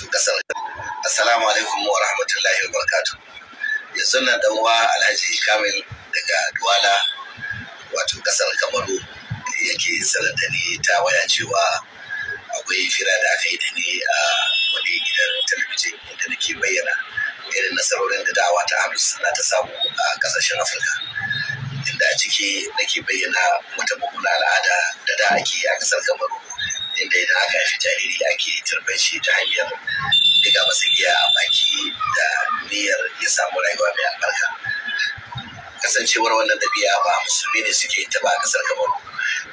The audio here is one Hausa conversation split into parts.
wato kasar assalamu alaikum wa rahmatullahi wa barakatuh yanzu nan dan uwa alhaji kamil daga duwala wato kasar kamaru yake sanadani ta waya cewa akwai fira da aka yi da ni a wani gidan talabijin inda nake bayyana irin nasarorin da dawa ta hadu suna ta samu a kasashen afirka inda ciki nake bayyana wata mummuna al'ada da da ake a kasar kamaru inda idan aka haifi jariri ake tarbar ta hanyar diga masa giya a baki da niyyar ya samu rayuwa mai albarka kasancewar wannan ɗabi'a ba musulmi ne suke ta ba a kasar kamaru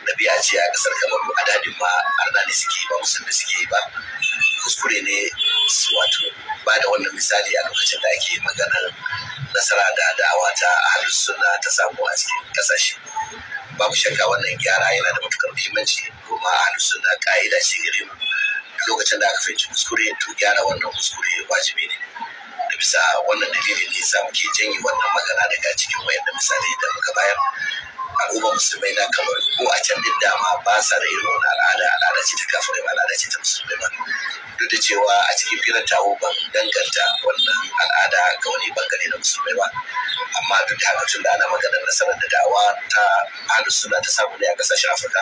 ɗabi'a ce a kasar kamaru a dadin ma arna ne suke ba musulmi suke ba kuskure ne wato ba da wannan misali a lokacin da ake maganar nasara da da'awa ta ahlus sunna ta samu a cikin kasashe babu shakka wannan gyara yana da matukar muhimmanci kuma ahlus sunna ka'ida shi gare mu lokacin da aka fahimci kuskure to gyara wannan kuskure wajibi ne da bisa wannan dalilin ne sa muke janye wannan magana daga cikin wayar da misali da muka bayar al'umma musulmai na kamar ko a can din dama ba sa da irin wani al'ada al'ada ce ta kafirai ba al'ada ce ta musulmai ba duk da cewa a cikin firar tawo ban danganta wannan al'ada ga wani bangare na musulmai ba amma duk da haka tun da ana magana nasarar da dawa ta ahlus suna ta samu ne a kasashen afirka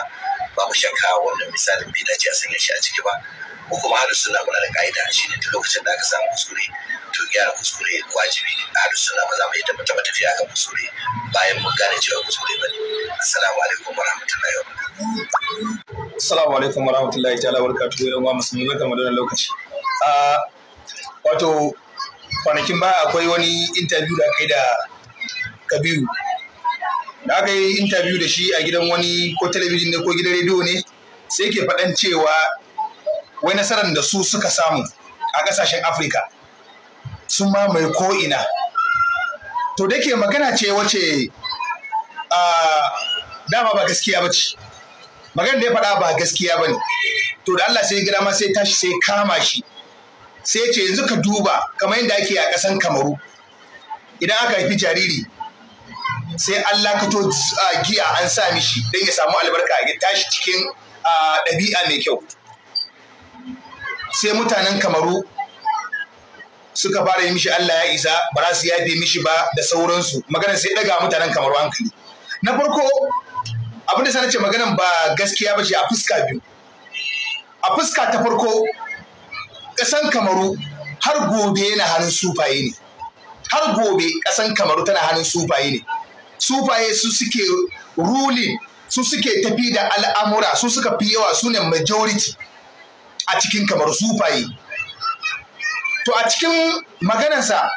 mu shakka wannan misalin bai dace a sanya shi a ciki ba ko kuma ahlus suna muna da ka'ida shi ne duk lokacin da aka samu kuskure to gyara kuskure wajibi ne ahlus suna ba za mu yadda mu taba tafiya kan kuskure bayan mun gane cewa kuskure ba ne assalamu alaikum warahmatullahi wabarakatuh assalamu alaikum warahmatullahi ta'ala barakatuhu yan uwa musulmi barkamu da wannan lokaci wato kwanakin baya akwai wani interview da kai da kabiru da aka yi interview da shi a gidan wani ko talabijin ne ko gidan rediyo ne sai ke faɗan cewa wai nasarar da su suka samu a ƙasashen afirka sun mamaye ko'ina to da ke magana ce wace dama ba gaskiya ba ce magana da ya faɗa ba gaskiya ba ne to da Allah sai gida ma sai tashi sai kama shi sai ce yanzu ka duba kamar yadda ake a ƙasan kamaru idan aka haifi jariri sai Allah ka giya an sa mishi don ya samu albarka ya tashi cikin ah, ɗabi'a mai kyau sai mutanen kamaru suka fara yi mishi Allah ya isa ba za su yafe mishi ba da sauransu magana sai daga mutanen kamaru hankali na farko abinda sana ce maganan ba gaskiya ba a fuska biyu a fuska ta farko ƙasan kamaru har gobe yana hannun sufaye ne har gobe ƙasan kamaru tana hannun sufaye ne sufaye su suke ruling su suke tafi da al'amura su suka fi yawa su ne majority a cikin kamar sufaye to a cikin maganarsa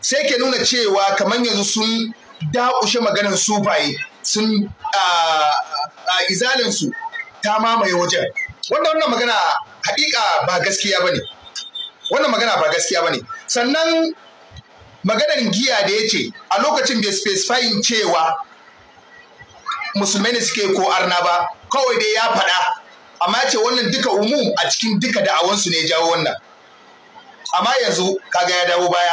sai ke nuna cewa kamar yanzu sun dakushe maganar sufaye sun a izalinsu ta mamaye wajen wanda wannan magana haƙiƙa ba gaskiya ba ne wannan magana ba gaskiya ba ne sannan maganar giya da ya ce a lokacin bai specifying cewa musulmai suke ko arna ba kawai dai ya faɗa amma ce wannan duka umu a cikin duka da'awansu ne jawo wannan amma yanzu kaga ya dawo baya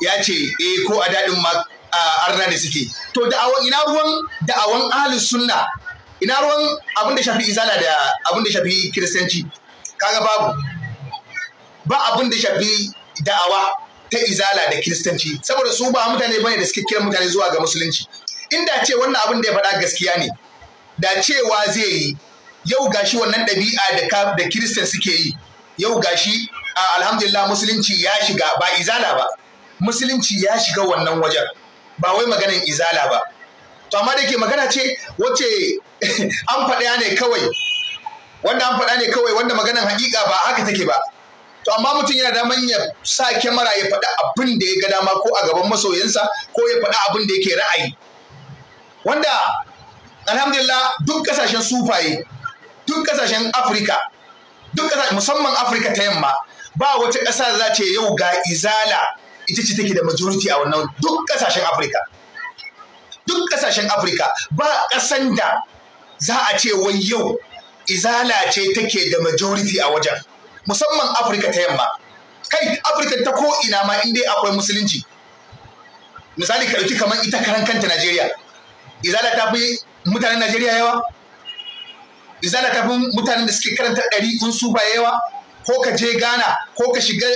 ya ce eh ko a daɗin ma arna ne suke to da'awan ina ruwan da'awan ahlus sunna ina ruwan abin da shafi izala da abin da shafi kiristanci kaga babu ba abin da shafi da'awa ta izala da kiristanci saboda su ba mutane bane da suke kira mutane zuwa ga musulunci In inda ce wannan abin da ya faɗa gaskiya ne da cewa zai yi yau gashi wannan ɗabi'a da da kiristan suke yi yau gashi alhamdulillah musulunci ya shiga ba izala ba musulunci ya shiga wannan wajen ba wai maganin izala ba to amma da ke magana ce wacce an faɗa ne kawai wanda an faɗa ne kawai wanda maganan hakika ba haka take ba to amma mutum yana daman ya sa kyamara ya faɗi abin da ya ga dama ko a gaban masoyinsa ko ya faɗi abin da yake ra'ayi wanda alhamdulillah duk kasashen sufaye duk kasashen afirka duk kasashen musamman afirka ta yamma ba wata ƙasa za ce yau ga izala ita ce take da majority a wannan duk kasashen afirka duk kasashen afirka ba ƙasan da za a ce wai yau izala ce take da majority a wajen musamman afirka ta yamma kai afirka ta ko ina ma inda akwai musulunci misali ka ɗauki kamar ita karan kanta najeriya izala ta fi mutanen najeriya yawa izala ta fi mutanen da suke karanta ɗari in su ba yawa ko ka je ghana ko ka shiga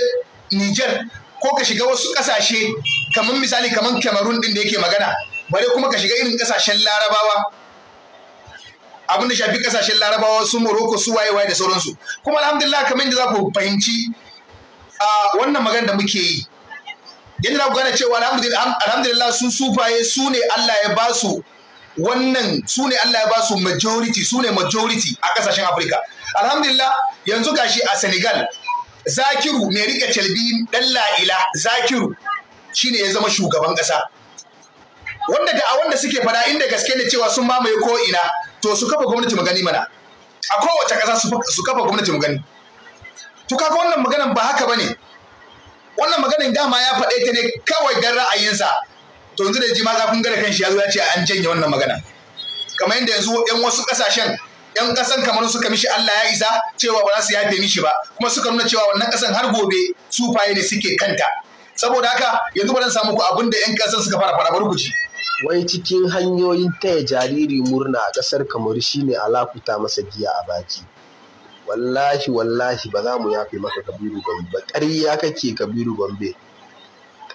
niger ko ka shiga wasu ƙasashe kamar misali kamar cameroon ɗin da yake magana bare kuma ka shiga irin ƙasashen larabawa abin da shafi kasashen larabawa su Moroko, su waye waye da sauransu kuma alhamdulillah kamar yadda za ku fahimci a wannan magana da muke yi yadda za ku gane cewa alhamdulillah sun sufaye su ne allah ya ba su wannan su ne allah ya ba su majority su ne majority a kasashen afirka alhamdulillah yanzu gashi a senegal zakiru mai rike calbi dan la'ila zakiru shine ya zama shugaban kasa wanda da a wanda suke fada inda gaske ne cewa sun mamaye ko ina to su kafa gwamnati magani mana a kowace ƙasa su kafa gwamnati magani. to kaga wannan maganan ba haka bane wannan maganan dama ya faɗe ta ne kawai dan ra'ayinsa to yanzu da ji ma kun gare kanshi ya zo ya ce an janye wannan magana kamar yadda yanzu yan wasu ƙasashen yan ƙasan kamar suka mishi Allah ya isa cewa ba za su yafe mishi ba kuma suka nuna cewa wannan ƙasan har gobe su faye ne suke kanta saboda haka yanzu ba zan samu ku abinda da yan ƙasan suka fara fara barkuci Wai cikin hanyoyin taya jariri murna a ƙasar Kamaru shi ne a lakuta masa giya a baki. Wallahi wallahi ba za mu yafe maka Kabiru Gombe ba, ƙarya kake Kabiru Gombe,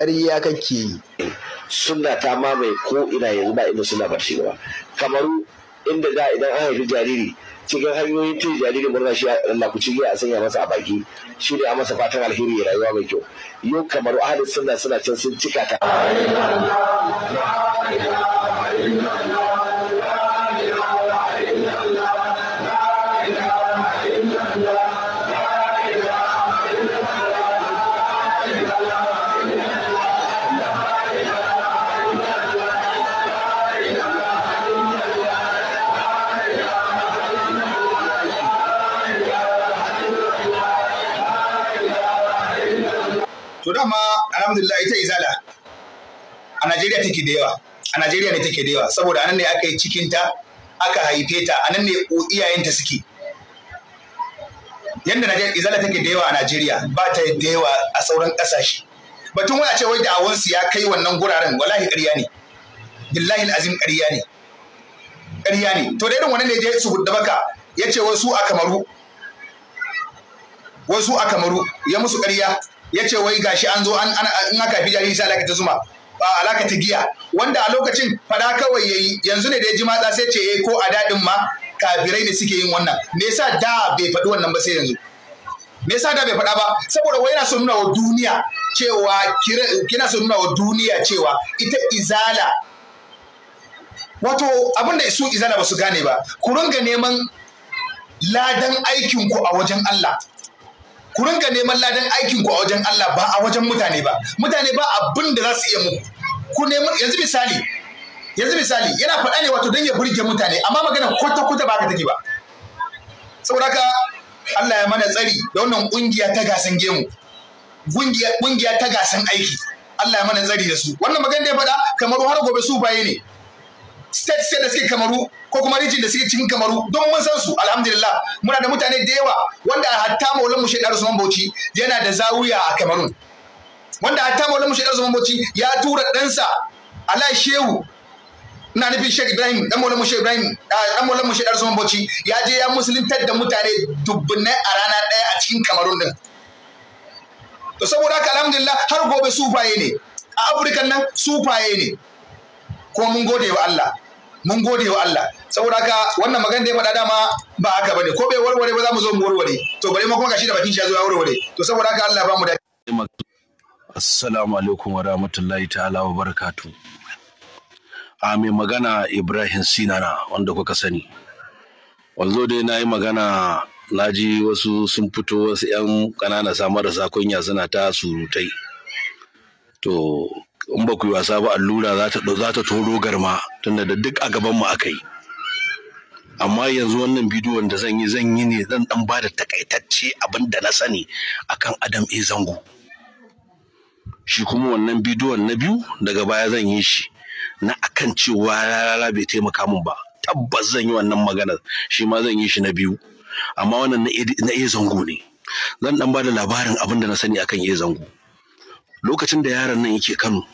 ƙarya kake yi. Suna ta mamaye ko ina yanzu ba ina suna bar ba. Kamaru inda da idan an haifi jariri cikin hanyoyin taya jariri murna shi a ku giya a sanya masa a baki shi ne a masa fatan alheri ya rayuwa mai kyau yau kamar ahalin suna suna can sun cika ta alhamdulillah ita izala a Najeriya take da yawa a Najeriya ne take da yawa saboda anan ne aka yi cikinta aka haife ta anan ne iyayenta suke yadda izala take da yawa a Najeriya ba ta da yawa a sauran ƙasashe batun wani a ce wai da'awansu ya kai wannan guraren wallahi ƙarya ne billahi azim ƙarya ne ƙarya ne to da irin wannan ne je su hudda baka ya ce wasu a kamaru wasu a kamaru ya musu ƙarya ya ce wai gashi an zo an in aka fi jari sai ta zuma alaka ta giya wanda a lokacin fada kawai yayi yanzu ne da ya ji matsa sai ce eh ko a dadin ma kafirai ne suke yin wannan me yasa da bai faɗi wannan ba sai yanzu me yasa da bai faɗa ba saboda wai yana so nuna wa duniya cewa kina so nuna wa duniya cewa ita izala wato abin da su izala ba su gane ba ku ringa neman ladan aikinku a wajen Allah ku rinka neman ladan aikin ku a wajen Allah ba a wajen mutane ba mutane ba abin da za su iya muku ku neman yanzu misali yanzu misali yana faɗa ne wato don ya burge mutane amma magana kwata kwata ba ka take ba saboda ka Allah ya mana tsari da wannan kungiya ta gasan gemu kungiya ta gasan aiki Allah ya mana tsari da su wannan magana da ya faɗa kamar har gobe su baye ne state state da suke kamaru ko kuma rijin da suke cikin kamaru don mun san su alhamdulillah muna da mutane da yawa wanda hatta maulamu shi da Usman Bauchi yana da zawiya a Kamarun wanda hatta maulamu shi da Usman Bauchi ya tura ɗansa Alai Shehu ina nufin Sheikh Ibrahim dan maulamu mu Sheikh Ibrahim dan maulamu mu shaidar Usman Bauchi ya je ya musuluntar da mutane dubbunai a rana ɗaya a cikin Kamarun din to saboda haka alhamdulillah har gobe sufaye ne a Afirka nan sufaye ne ko mun gode wa Allah mun gode wa Allah saboda haka wannan magana da ya faɗa dama ba haka bane ko bai warware ba za mu zo mu warware to bare ma kuma gashi da bakin shi ya zo ya warware to saboda haka Allah ba mu da Assalamu alaikum wa rahmatullahi ta'ala wa barakatu a mai magana Ibrahim Sinana wanda kuka sani wanzo dai na yi magana na ji wasu sun fito wasu 'yan ƙanana sa marasa kunya suna ta surutai to in ba ku yi wasa ba allura za ta toro garma tunda da duk a gaban mu aka yi amma yanzu wannan bidiyon da zan yi zan yi ne zan dan ba da takaitacce abin da na sani akan Adam A Zango shi kuma wannan bidiyon na biyu daga baya zan yi shi na akan cewa lalala bai taimaka min ba tabbas zan yi wannan magana shi ma zan yi shi na biyu amma wannan na A Zango ne zan dan ba da labarin abin da na sani akan A Zango lokacin da yaron nan yake Kano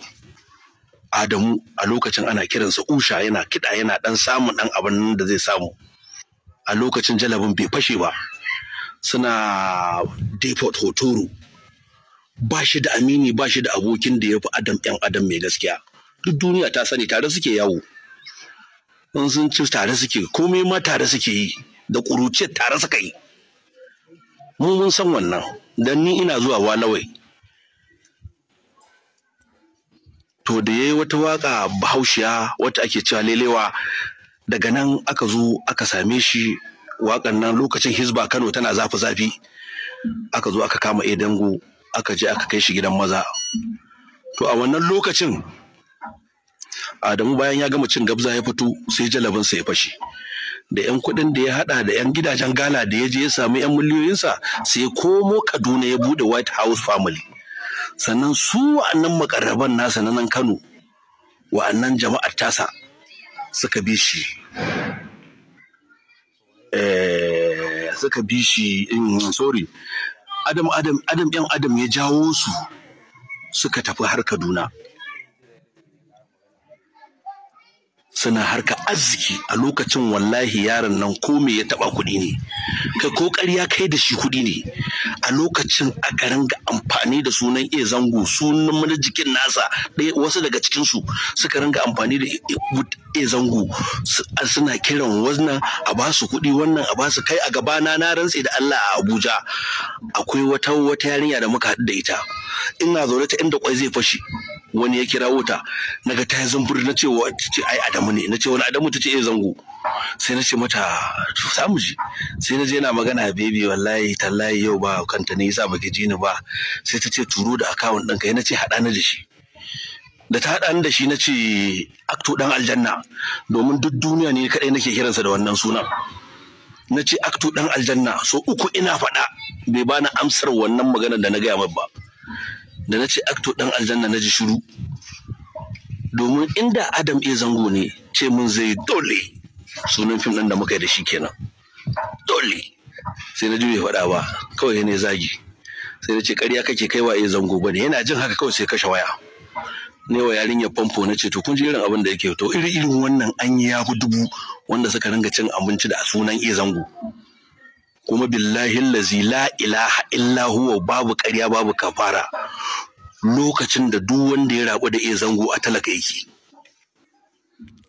Adamu a lokacin ana kiransa usha yana kiɗa yana ɗan samun dan abin da zai samu a lokacin jalabin bai fashe ba suna deport hotoro ba shi da amini ba shi da abokin da ya fi adam yan adam mai gaskiya duk duniya ta sani tare suke yawo in sun ci tare suke komai ma tare suke yi da ƙuruciyar tare suka yi mun san wannan dan ni ina zuwa walawai to da ya yi wata waka bahaushiya wata ake cewa lelewa daga nan aka zo aka same shi wakan nan lokacin hizba kano tana zafi zafi aka zo aka kama edango eh aka je aka kai shi gidan maza to a wannan lokacin adamu bayan ya gama cin gabza ya fito sai jalabinsa ya fashi da 'yan kuɗin da ya haɗa da 'yan gidajen gala da ya je ya sami 'yan miliyoyinsa sai komo kaduna ya bude white house family sannan su wa'annan makarraban nasa na nan Kano wa'annan jama'ar tasa suka bi shi eh, suka bi shi sorry adam adam adam yan adam ya jawo su suka tafi har Kaduna suna harka arziki a lokacin wallahi yaron nan ko me ya taba kuɗi ne kai ko ƙarya kai da shi kuɗi ne a lokacin garin ringa amfani da sunan iya zango sunan mana jikin nasa ɗaya wasu daga cikinsu suka ringa amfani da iya zango suna kiran wannan a ba su kuɗi wannan a ba su kai a gabana na rantse da Allah a Abuja akwai wata wata yarinya da muka haɗu da ita ina zaune ta inda kwai zai fashi wani ya kira ta naga ta zumbur na ce ai adamu ne na ce wani adamu ta ce eh zango sai na ce mata to samu ji sai na je na magana baby wallahi tallahi yau ba kanta ne yasa baki ji ba sai ta ce turo da akawun ɗinka ya na ce haɗa na da shi da ta haɗa da shi na ce akto ɗan aljanna domin duk duniya ne kaɗai nake kiransa da wannan sunan na ce akto ɗan aljanna so uku ina faɗa bai bani amsar wannan maganar da na gaya ba da na ce akto ɗan aljanna na ji shuru, domin inda adam iya zango ne ce mun zai dole sunan fim ɗin da muka yi da shi kenan dole sai na ji bai faɗa ba kawai ne zagi sai na ce ƙarya kake kaiwa iya zango ba ne yana jin haka kawai sai kashe waya ne wa yarinyar famfo na ce to kun ji irin abin da yake to iri irin wannan an yi ya dubu wanda suka ringa cin abinci da sunan iya zango kuma billahi lazi la ilaha illa babu ƙarya babu kafara lokacin da duk wanda ya rabu da Izango a talaka yake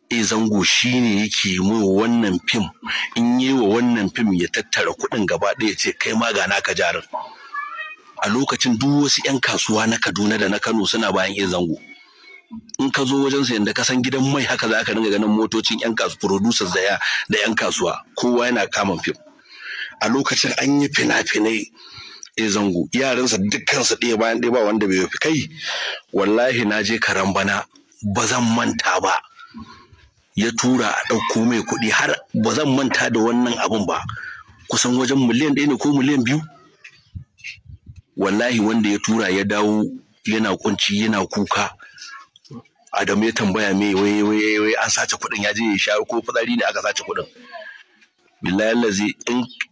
Izango shine yake mu wannan fim in yi wannan fim ya tattara kuɗin gaba ɗaya ce kai ma ga naka jarin a lokacin duk wasu 'yan kasuwa na kaduna da na kano suna bayan Izango. in ka zo wajen sayan da ka san gidan mai haka za ka dinga ganin motocin 'yan kasuwa producers da 'yan kasuwa kowa yana kamun fim a lokacin an yi fina-finai e zango yaransa dukkansu ɗaya bayan ɗaya ba wanda bai fi kai wallahi na je karan bana ba zan manta ba ya tura a ɗauko mai kuɗi har ba zan manta da wannan abin ba kusan wajen miliyan ɗaya ne ko miliyan biyu wallahi wanda ya tura ya dawo yana kunci yana kuka Adamu ya tambaya me wai wai wai an sace kuɗin ya je ya sha ko fitsari ne aka sace kuɗin billahi lazi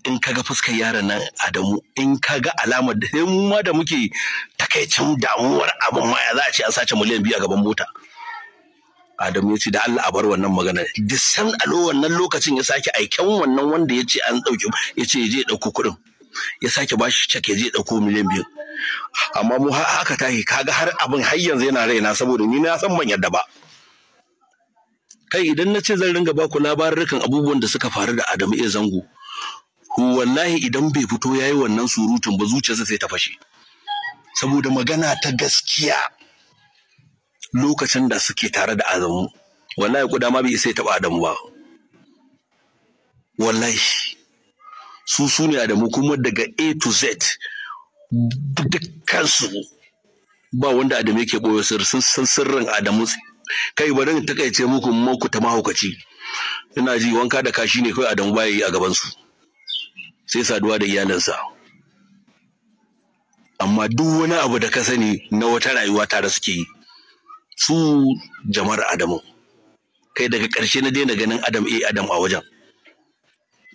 in kaga fuskar yaron nan Adamu in kaga alamar da sai mu da muke takaicin damuwar abin ya za a ce an sace miliyan biyu a gaban mota Adamu ya ce da Allah a bar wannan magana duk san alo wannan lokacin ya sake aiken wannan wanda ya ce an dauke ya ce je dauko kuɗin ya sake ba shi cike je dauko miliyan biyu amma mu haka tahi kaga har abin har yanzu yana raina saboda ni na san ban yadda ba kai idan na ce zan ringa baku labarukan abubuwan da suka faru da Adamu iya zango wallahi idan bai fito yayi wannan surutun ba zuciyarsa sai ta fashe saboda magana ta gaskiya lokacin da suke tare da Adamu wallahi kuda ma bai sai taba Adamu ba wallahi su su Adamu kuma daga A to Z dukkan su ba wanda Adamu yake boye sirrin sirrin Adamu kai bari in takaice muku muku ta mahaukaci ina ji wanka da kashi ne kawai Adamu baya yi a gaban su sai saduwa da sa amma duk wani abu da ka sani na wata rayuwa tare suke yi su jama'ar Adamu kai daga ƙarshe na daina ganin Adam eh Adam a wajen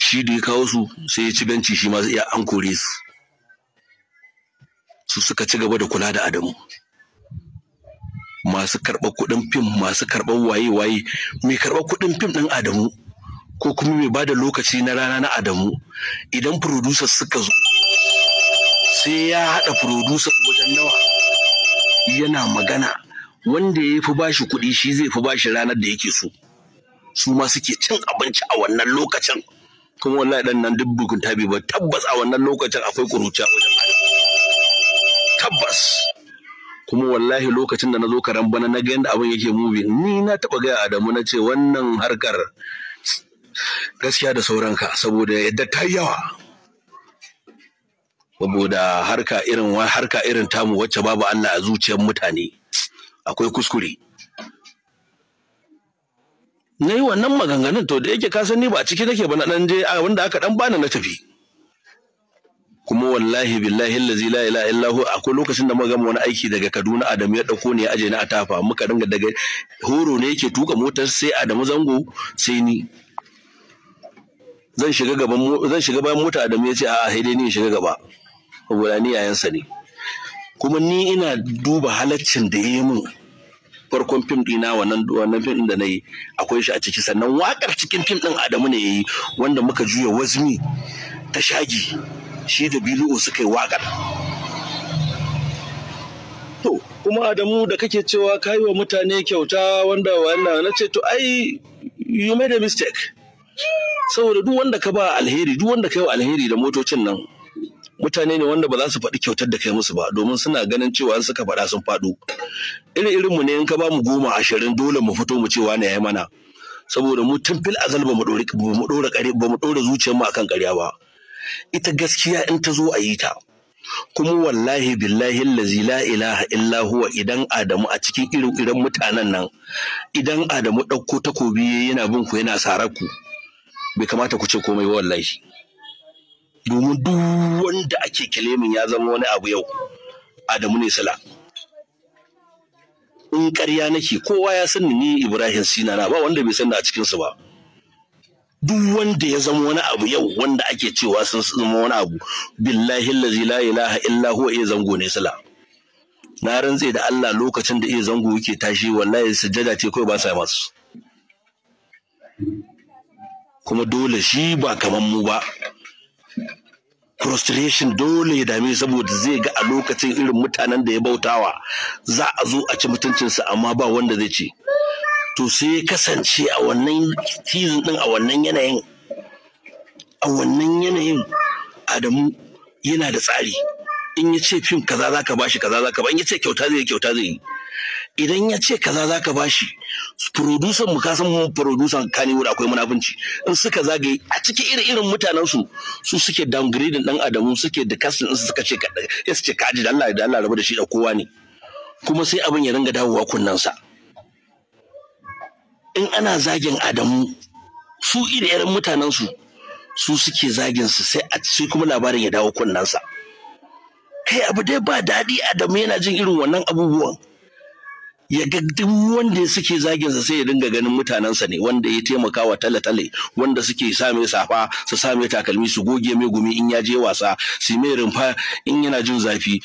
shi da ya kawo su sai ya ci benci shi ma iya an kore su su suka ci gaba da kula da Adamu masu karɓar kuɗin fim masu karɓar waye-waye mai karɓar kuɗin fim ɗin adamu ko kuma mai ba da lokaci na rana na adamu idan producers suka zo sai ya haɗa producers wajen nawa yana magana wanda ya fi bashi kuɗi shi zai fi bashi ranar da yake so su ma suke cin abinci a wannan lokacin kuma wallahi dan nan duk bukunta bai ba tabbas a wannan lokacin akwai kuruciya wajen adamu tabbas kuma wallahi lokacin da na zo karan bana na ga yadda abin yake mubi ni na taba gaya Adamu na ce wannan harkar gaskiya da sauranka saboda yadda ta yi yawa saboda harka irin harka irin tamu wacce babu Allah a zuciyar mutane akwai kuskure na yi wannan maganganun to da yake kasan ni ba a ciki nake ba na dan je wanda aka dan bani na tafi kuma wallahi billahi allazi la ilaha hu akwai lokacin da muka gama wani aiki daga Kaduna Adamu ya dauko ne ya aje ni a tafa muka dinga daga horo ne yake tuka motar sai Adamu zango sai ni zan shiga gaban zan shiga bayan mota Adamu ya ce a'a sai dai ni shiga gaba saboda ni sa ne kuma ni ina duba halaccin da yayi min farkon fim ɗina wannan wannan fim da nayi akwai shi a ciki sannan wakar cikin fim ɗin Adamu ne yayi wanda muka juya wazmi ta shagi shi da biliyu suka yi waƙar to kuma da da kake cewa ka yi wa mutane kyauta wanda wannan na ce to ai you made a mistake saboda duk wanda ka ba alheri duk wanda ka yi alheri da motocin nan mutane ne wanda ba za su faɗi kyautar da kai musu ba domin suna ganin cewa in suka faɗa sun faɗo irin irin mu ne in ka ba mu goma ashirin dole mu fito mu cewa ne yayi mana saboda mu tun fil azal ba mu ɗora ba mu ɗora zuciyar mu akan ƙarya ba ita gaskiya in ta zo a yi ta kuma wallahi billahi lazi la ilaha illa huwa idan adamu a cikin irin irin mutanen nan idan adamu ɗauko takobi yana bin ku yana sarar ku bai kamata ku ce komai wallahi domin duk wanda ake kilimin ya zama wani abu yau adamu ne sala in karya nake kowa ya sani ni ibrahim sina na ba wanda bai sani a cikinsu ba duk wanda ya zama wani abu yau wanda ake cewa sun zama wani abu billahi allazi la ilaha illa huwa iya zango ne sala na rantse da Allah lokacin da iya zango yake tashi wallahi sujjada ce kawai ba sa masu kuma dole shi ba kaman mu ba frustration dole ya dame saboda zai ga a lokacin irin mutanen da ya bautawa za a zo a ci mutuncinsa amma ba wanda zai ce to sai ya kasance a wannan season din a wannan yanayin a wannan yanayin Adamu yana da tsari in ya ce fim kaza za ka bashi kaza za ka ba in ya ce kyauta zai kyauta zai yi idan ya ce kaza za ka bashi producer mu kasan mu producer wuri akwai munafunci in suka zagaye a cikin irin irin mutanen su su suke downgrading dan Adamu suke da casting su suka ce ka ce kaji da Allah da Allah rabu da shi da kowa ne kuma sai abin ya ringa dawowa kunnansa sa in ana zagin adamu su iri irin mutanen su su suke zagin sai a sai kuma labarin ya dawo kunnansa kai abu dai ba daɗi adamu yana jin irin wannan abubuwan ya ga duk wanda suke zagin sai ya dinga ganin mutanensa ne wanda ya taimaka wa tale-tale wanda suke sa mai safa su sa mai takalmi su goge mai gumi in ya je wasa su mai rumfa in yana jin zafi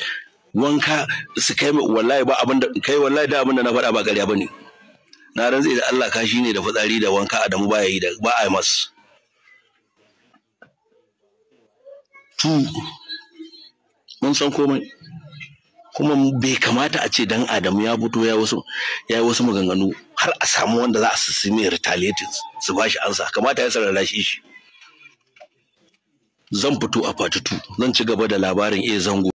wanka su kai wallahi ba abin da kai wallahi da abin da na faɗa ba ƙarya bane na zai da Allah ka shi ne da fitsari da wanka Adamu baya yi da ba a yi masu. tu mun san komai kuma bai kamata a ce dan Adamu ya fito ya wasu yi wasu maganganu har a samu wanda za a su mai retaliating su ba shi ansa kamata ya sarara shi shi zan fito a fatutu zan ci gaba da labarin iya zango